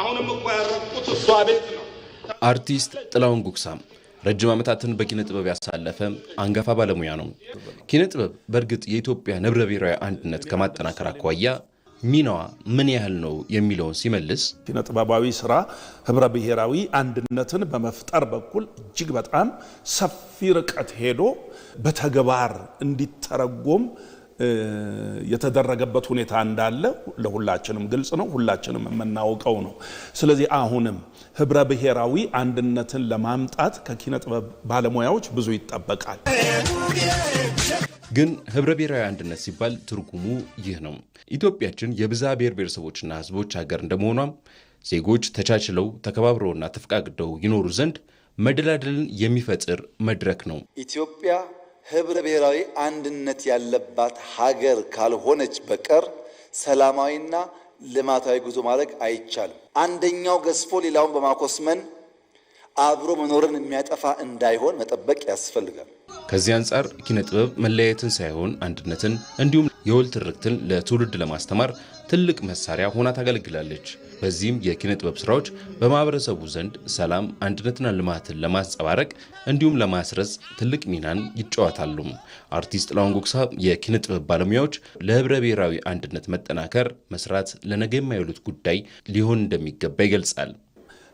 አሁንም እኮ ያረኩት እሷ ቤት ነው። አርቲስት ጥላውን ጉግሳም ረጅም ዓመታትን በኪነ ጥበብ ያሳለፈ አንጋፋ ባለሙያ ነው። ኪነ ጥበብ በእርግጥ የኢትዮጵያ ንብረ ብሔራዊ አንድነት ከማጠናከር አኳያ ሚናዋ ምን ያህል ነው የሚለውን ሲመልስ ኪነ ጥበባዊ ስራ ህብረ ብሔራዊ አንድነትን በመፍጠር በኩል እጅግ በጣም ሰፊ ርቀት ሄዶ በተግባር እንዲተረጎም የተደረገበት ሁኔታ እንዳለ ለሁላችንም ግልጽ ነው፣ ሁላችንም የምናውቀው ነው። ስለዚህ አሁንም ህብረ ብሔራዊ አንድነትን ለማምጣት ከኪነ ጥበብ ባለሙያዎች ብዙ ይጠበቃል። ግን ህብረ ብሔራዊ አንድነት ሲባል ትርጉሙ ይህ ነው። ኢትዮጵያችን የብዛ ብሔር ብሔረሰቦችና ህዝቦች ሀገር እንደመሆኗም ዜጎች ተቻችለው ተከባብረውና ተፈቃቅደው ይኖሩ ዘንድ መደላደልን የሚፈጥር መድረክ ነው። ኢትዮጵያ ህብረ ብሔራዊ አንድነት ያለባት ሀገር ካልሆነች በቀር ሰላማዊና ልማታዊ ጉዞ ማድረግ አይቻልም። አንደኛው ገዝፎ ሌላውን በማኮስመን አብሮ መኖርን የሚያጠፋ እንዳይሆን መጠበቅ ያስፈልጋል። ከዚህ አንጻር ኪነ ጥበብ መለያየትን ሳይሆን አንድነትን እንዲሁም የወል ትርክትን ለትውልድ ለማስተማር ትልቅ መሳሪያ ሆና ታገለግላለች። በዚህም የኪነ ጥበብ ስራዎች በማህበረሰቡ ዘንድ ሰላም፣ አንድነትና ልማትን ለማንጸባረቅ እንዲሁም ለማስረጽ ትልቅ ሚናን ይጫወታሉ። አርቲስት ጥላሁን የኪነ ጥበብ ባለሙያዎች ለህብረ ብሔራዊ አንድነት መጠናከር መስራት ለነገ የማይውሉት ጉዳይ ሊሆን እንደሚገባ ይገልጻል።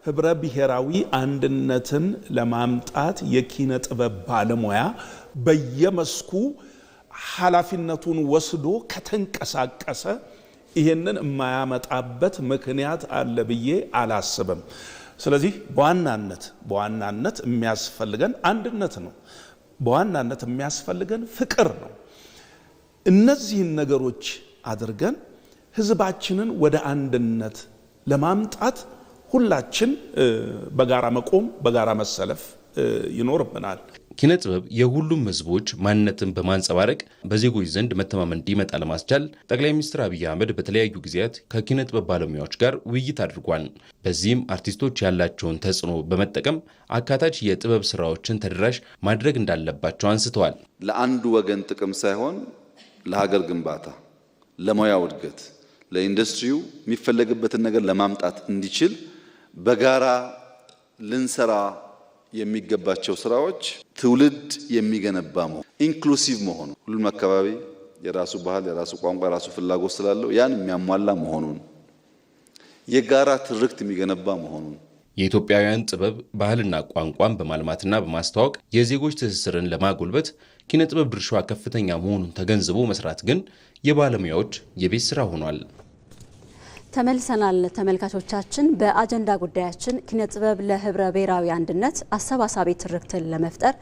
ህብረ ብሔራዊ አንድነትን ለማምጣት የኪነ ጥበብ ባለሙያ በየመስኩ ኃላፊነቱን ወስዶ ከተንቀሳቀሰ ይህንን የማያመጣበት ምክንያት አለ ብዬ አላስብም። ስለዚህ በዋናነት በዋናነት የሚያስፈልገን አንድነት ነው። በዋናነት የሚያስፈልገን ፍቅር ነው። እነዚህን ነገሮች አድርገን ህዝባችንን ወደ አንድነት ለማምጣት ሁላችን በጋራ መቆም፣ በጋራ መሰለፍ ይኖርብናል። ኪነ ጥበብ የሁሉም ህዝቦች ማንነትን በማንጸባረቅ በዜጎች ዘንድ መተማመን እንዲመጣ ለማስቻል ጠቅላይ ሚኒስትር አብይ አህመድ በተለያዩ ጊዜያት ከኪነ ጥበብ ባለሙያዎች ጋር ውይይት አድርጓል። በዚህም አርቲስቶች ያላቸውን ተጽዕኖ በመጠቀም አካታች የጥበብ ስራዎችን ተደራሽ ማድረግ እንዳለባቸው አንስተዋል። ለአንዱ ወገን ጥቅም ሳይሆን ለሀገር ግንባታ፣ ለሙያው እድገት፣ ለኢንዱስትሪው የሚፈለግበትን ነገር ለማምጣት እንዲችል በጋራ ልንሰራ የሚገባቸው ስራዎች ትውልድ የሚገነባ መሆኑ ኢንክሉሲቭ መሆኑ ሁሉም አካባቢ የራሱ ባህል፣ የራሱ ቋንቋ፣ የራሱ ፍላጎት ስላለው ያን የሚያሟላ መሆኑን የጋራ ትርክት የሚገነባ መሆኑን የኢትዮጵያውያን ጥበብ ባህልና ቋንቋን በማልማትና በማስተዋወቅ የዜጎች ትስስርን ለማጎልበት ኪነ ጥበብ ድርሻዋ ከፍተኛ መሆኑን ተገንዝቦ መስራት ግን የባለሙያዎች የቤት ስራ ሆኗል። ተመልሰናል ተመልካቾቻችን። በአጀንዳ ጉዳያችን ኪነ ጥበብ ለህብረ ብሔራዊ አንድነት አሰባሳቢ ትርክትን ለመፍጠር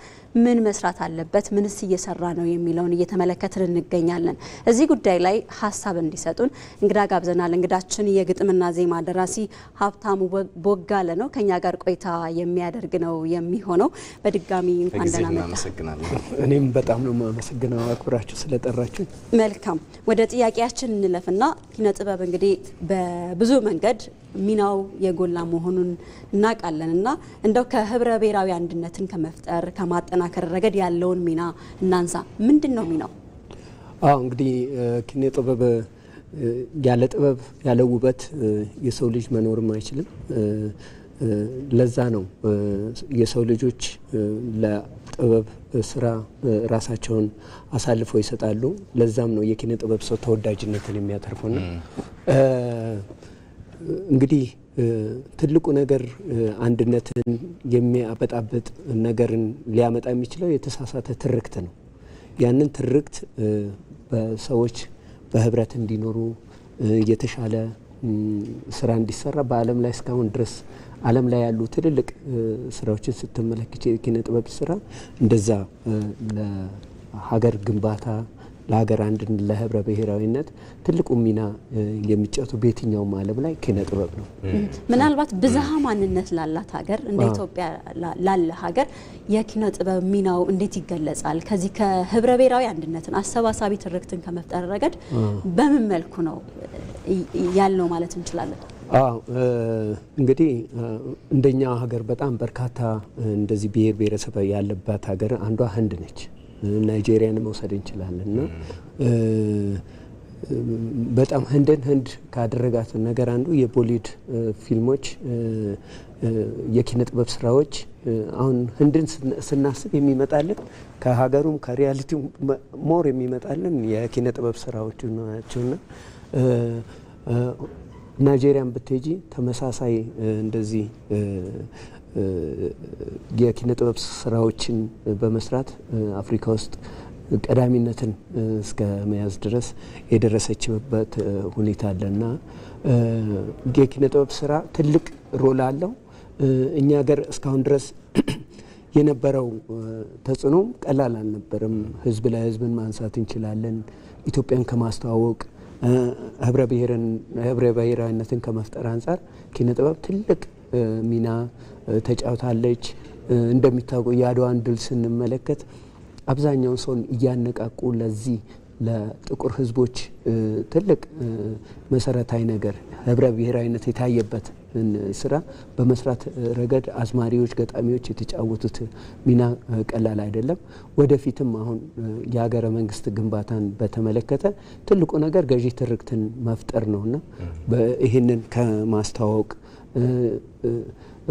ምን መስራት አለበት፣ ምንስ እየሰራ ነው የሚለውን እየተመለከትን እንገኛለን። እዚህ ጉዳይ ላይ ሀሳብ እንዲሰጡን እንግዳ ጋብዘናል። እንግዳችን የግጥምና ዜማ ደራሲ ሀብታሙ ቦጋለ ነው። ከኛ ጋር ቆይታ የሚያደርግ ነው የሚሆነው። በድጋሚ እንኳን ደህና እኔም በጣም ነው የማመሰግነው አክብራችሁ ስለጠራችሁ። መልካም ወደ ጥያቄያችን እንለፍና ኪነ ጥበብ እንግዲህ በብዙ መንገድ ሚናው የጎላ መሆኑን እናውቃለን እና እንደው ከህብረ ብሔራዊ አንድነትን ከመፍጠር ከማጠና በማጠናከር ረገድ ያለውን ሚና እናንሳ። ምንድን ነው ሚናው? አዎ እንግዲህ ኪነ ጥበብ ያለ ጥበብ ያለ ውበት የሰው ልጅ መኖርም አይችልም። ለዛ ነው የሰው ልጆች ለጥበብ ስራ ራሳቸውን አሳልፈው ይሰጣሉ። ለዛም ነው የኪነ ጥበብ ሰው ተወዳጅነትን የሚያተርፉና እንግዲህ ትልቁ ነገር አንድነትን የሚያበጣብጥ ነገርን ሊያመጣ የሚችለው የተሳሳተ ትርክት ነው። ያንን ትርክት በሰዎች በህብረት እንዲኖሩ የተሻለ ስራ እንዲሰራ በዓለም ላይ እስካሁን ድረስ ዓለም ላይ ያሉ ትልልቅ ስራዎችን ስትመለከች የኪነ ጥበብ ስራ እንደዛ ለሀገር ግንባታ ለሀገር አንድነት ለህብረ ብሔራዊነት ትልቁ ሚና የሚጫወቱ በየትኛውም ዓለም ላይ ኪነ ጥበብ ነው። ምናልባት ብዝሃ ማንነት ላላት ሀገር እንደ ኢትዮጵያ ላለ ሀገር የኪነ ጥበብ ሚናው እንዴት ይገለጻል? ከዚህ ከህብረ ብሔራዊ አንድነትን አሰባሳቢ ትርክትን ከመፍጠር ረገድ በምን መልኩ ነው ያለው ማለት እንችላለን? እንግዲህ እንደኛ ሀገር በጣም በርካታ እንደዚህ ብሔር ብሔረሰብ ያለባት ሀገር አንዷ ህንድ ነች። ናይጄሪያን መውሰድ እንችላለን እና በጣም ህንድን ህንድ ካደረጋት ነገር አንዱ የቦሊውድ ፊልሞች የኪነ ጥበብ ስራዎች አሁን ህንድን ስናስብ የሚመጣልን ከሀገሩም ከሪያሊቲው ሞር የሚመጣልን የኪነ ጥበብ ስራዎቹ ናቸውና ናይጄሪያን ብትጂ ተመሳሳይ እንደዚህ የኪነ ጥበብ ስራዎችን በመስራት አፍሪካ ውስጥ ቀዳሚነትን እስከ መያዝ ድረስ የደረሰችበት ሁኔታ አለና የኪነ ጥበብ ስራ ትልቅ ሮል አለው። እኛ ሀገር እስካሁን ድረስ የነበረው ተጽዕኖ ቀላል አልነበረም። ህዝብ ለህዝብን ማንሳት እንችላለን። ኢትዮጵያን ከማስተዋወቅ ህብረ ብሔራዊነትን ከመፍጠር አንጻር ኪነ ጥበብ ትልቅ ሚና ተጫውታለች። እንደሚታወቀው የአድዋን ድል ስንመለከት አብዛኛውን ሰውን እያነቃቁ ለዚህ ለጥቁር ሕዝቦች ትልቅ መሰረታዊ ነገር ህብረ ብሔራዊነት የታየበት ስራ በመስራት ረገድ አዝማሪዎች፣ ገጣሚዎች የተጫወቱት ሚና ቀላል አይደለም። ወደፊትም አሁን የሀገረ መንግስት ግንባታን በተመለከተ ትልቁ ነገር ገዢ ትርክትን መፍጠር ነውና ይህንን ከማስተዋወቅ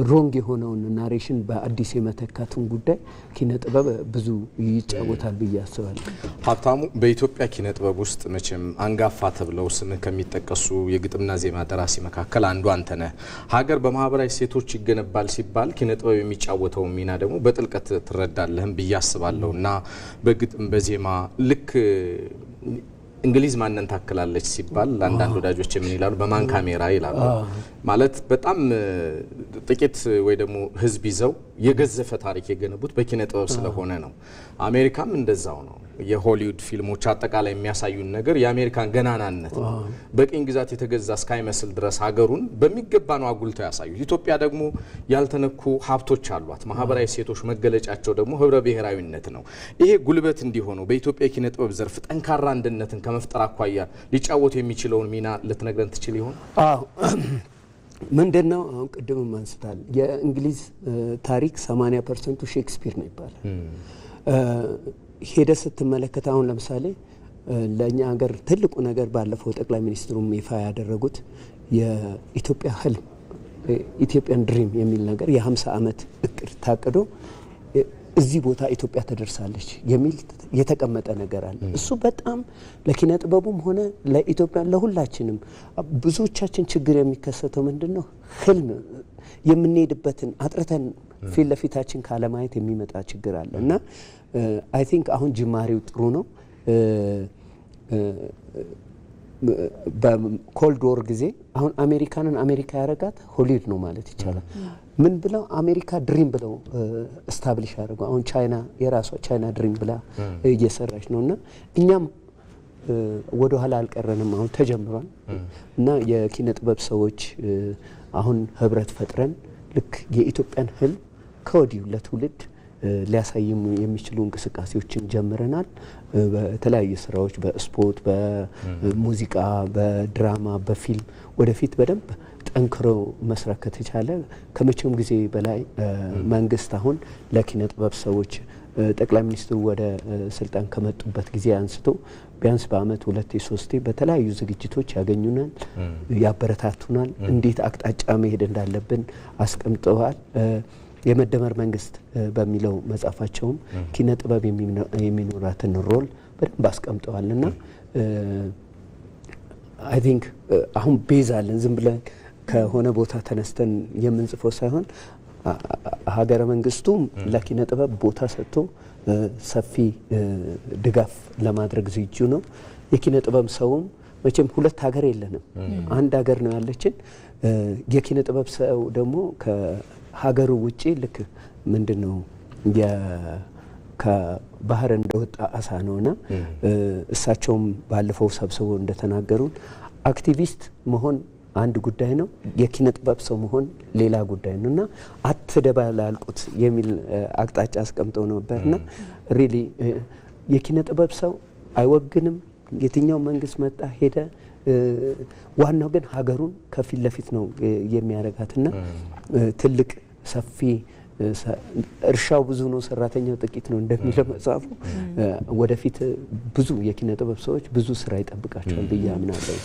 ሮንግ የሆነውን ናሬሽን በአዲስ የመተካትን ጉዳይ ኪነ ጥበብ ብዙ ይጫወታል ብዬ አስባለሁ። ሀብታሙ፣ በኢትዮጵያ ኪነ ጥበብ ውስጥ መቼም አንጋፋ ተብለው ስም ከሚጠቀሱ የግጥምና ዜማ ደራሲ መካከል አንዱ አንተ ነህ። ሀገር በማህበራዊ ሴቶች ይገነባል ሲባል ኪነ ጥበብ የሚጫወተውን ሚና ደግሞ በጥልቀት ትረዳለህም ብዬ አስባለሁ እና በግጥም በዜማ ልክ እንግሊዝ ማንን ታክላለች ሲባል አንዳንድ ወዳጆች ምን ይላሉ? በማን ካሜራ ይላሉ። ማለት በጣም ጥቂት ወይ ደግሞ ህዝብ ይዘው የገዘፈ ታሪክ የገነቡት በኪነ ጥበብ ስለሆነ ነው። አሜሪካም እንደዛው ነው። የሆሊውድ ፊልሞች አጠቃላይ የሚያሳዩን ነገር የአሜሪካን ገናናነት ነው። በቅኝ ግዛት የተገዛ እስካይመስል ድረስ ሀገሩን በሚገባ ነው አጉልተው ያሳዩት። ኢትዮጵያ ደግሞ ያልተነኩ ሀብቶች አሏት። ማህበራዊ ሴቶች መገለጫቸው ደግሞ ህብረ ብሔራዊነት ነው። ይሄ ጉልበት እንዲሆነው በኢትዮጵያ የኪነ ጥበብ ዘርፍ ጠንካራ አንድነትን ከመፍጠር አኳያ ሊጫወቱ የሚችለውን ሚና ልትነግረን ትችል ይሆን? ምንድን ነው አሁን ቅድም አንስታል። የእንግሊዝ ታሪክ 80 ፐርሰንቱ ሼክስፒር ነው ይባላል ሄደ ስትመለከት አሁን ለምሳሌ ለእኛ ሀገር ትልቁ ነገር ባለፈው ጠቅላይ ሚኒስትሩም ይፋ ያደረጉት የኢትዮጵያ ህልም ኢትዮጵያን ድሪም የሚል ነገር የ50 ዓመት እቅድ ታቅዶ እዚህ ቦታ ኢትዮጵያ ተደርሳለች የሚል የተቀመጠ ነገር አለ። እሱ በጣም ለኪነ ጥበቡም ሆነ ለኢትዮጵያ ለሁላችንም ብዙዎቻችን ችግር የሚከሰተው ምንድን ነው? ህልም የምንሄድበትን አጥርተን ፊት ለፊታችን ካለማየት የሚመጣ ችግር አለ እና አይ ቲንክ አሁን ጅማሬው ጥሩ ነው። በኮልድ ወር ጊዜ አሁን አሜሪካንን አሜሪካ ያረጋት ሆሊድ ነው ማለት ይቻላል። ምን ብለው አሜሪካ ድሪም ብለው እስታብሊሽ አድርጉ። አሁን ቻይና የራሷ ቻይና ድሪም ብላ እየሰራች ነው እና እኛም ወደ ኋላ አልቀረንም። አሁን ተጀምሯል እና የኪነ ጥበብ ሰዎች አሁን ህብረት ፈጥረን ልክ የኢትዮጵያን ህልም ከወዲሁ ለትውልድ ሊያሳይ የሚችሉ እንቅስቃሴዎችን ጀምረናል። በተለያዩ ስራዎች በስፖርት፣ በሙዚቃ፣ በድራማ፣ በፊልም ወደፊት በደንብ ጠንክሮ መስራት ከተቻለ ከመቼውም ጊዜ በላይ መንግስት አሁን ለኪነ ጥበብ ሰዎች ጠቅላይ ሚኒስትሩ ወደ ስልጣን ከመጡበት ጊዜ አንስቶ ቢያንስ በአመት ሁለቴ ሶስቴ በተለያዩ ዝግጅቶች ያገኙናል፣ ያበረታቱናል። እንዴት አቅጣጫ መሄድ እንዳለብን አስቀምጠዋል። የመደመር መንግስት በሚለው መጽሐፋቸውም ኪነ ጥበብ የሚኖራትን ሮል በደንብ አስቀምጠዋል ና አይ ቲንክ አሁን ቤዛለን ዝም ብለን ከሆነ ቦታ ተነስተን የምንጽፈው ሳይሆን ሀገረ መንግስቱ ለኪነ ጥበብ ቦታ ሰጥቶ ሰፊ ድጋፍ ለማድረግ ዝግጁ ነው። የኪነ ጥበብ ሰውም መቼም ሁለት ሀገር የለንም፣ አንድ ሀገር ነው ያለችን። የኪነ ጥበብ ሰው ደግሞ ከሀገሩ ውጭ ልክ ምንድን ነው ከባህር እንደወጣ አሳ ነውና እሳቸውም ባለፈው ሰብስቦ እንደተናገሩን አክቲቪስት መሆን አንድ ጉዳይ ነው፣ የኪነ ጥበብ ሰው መሆን ሌላ ጉዳይ ነው እና አትደባላልቁት የሚል አቅጣጫ አስቀምጠው ነበርና ሪሊ የኪነ ጥበብ ሰው አይወግንም የትኛው መንግስት መጣ ሄደ፣ ዋናው ግን ሀገሩን ከፊት ለፊት ነው የሚያረጋትና ትልቅ ሰፊ እርሻው ብዙ ነው፣ ሰራተኛው ጥቂት ነው እንደሚለው መጽሐፉ። ወደፊት ብዙ የኪነ ጥበብ ሰዎች ብዙ ስራ ይጠብቃቸዋል ብዬ አምናለሁ።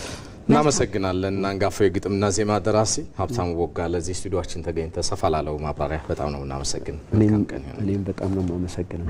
እናመሰግናለን። አንጋፋው የግጥምና ዜማ ደራሲ ሀብታሙ ቦጋለ ለዚህ ስቱዲዮችን ተገኝተ ሰፋ ላለው ማብራሪያ በጣም ነው እናመሰግን። እኔም በጣም ነው የማመሰግነው።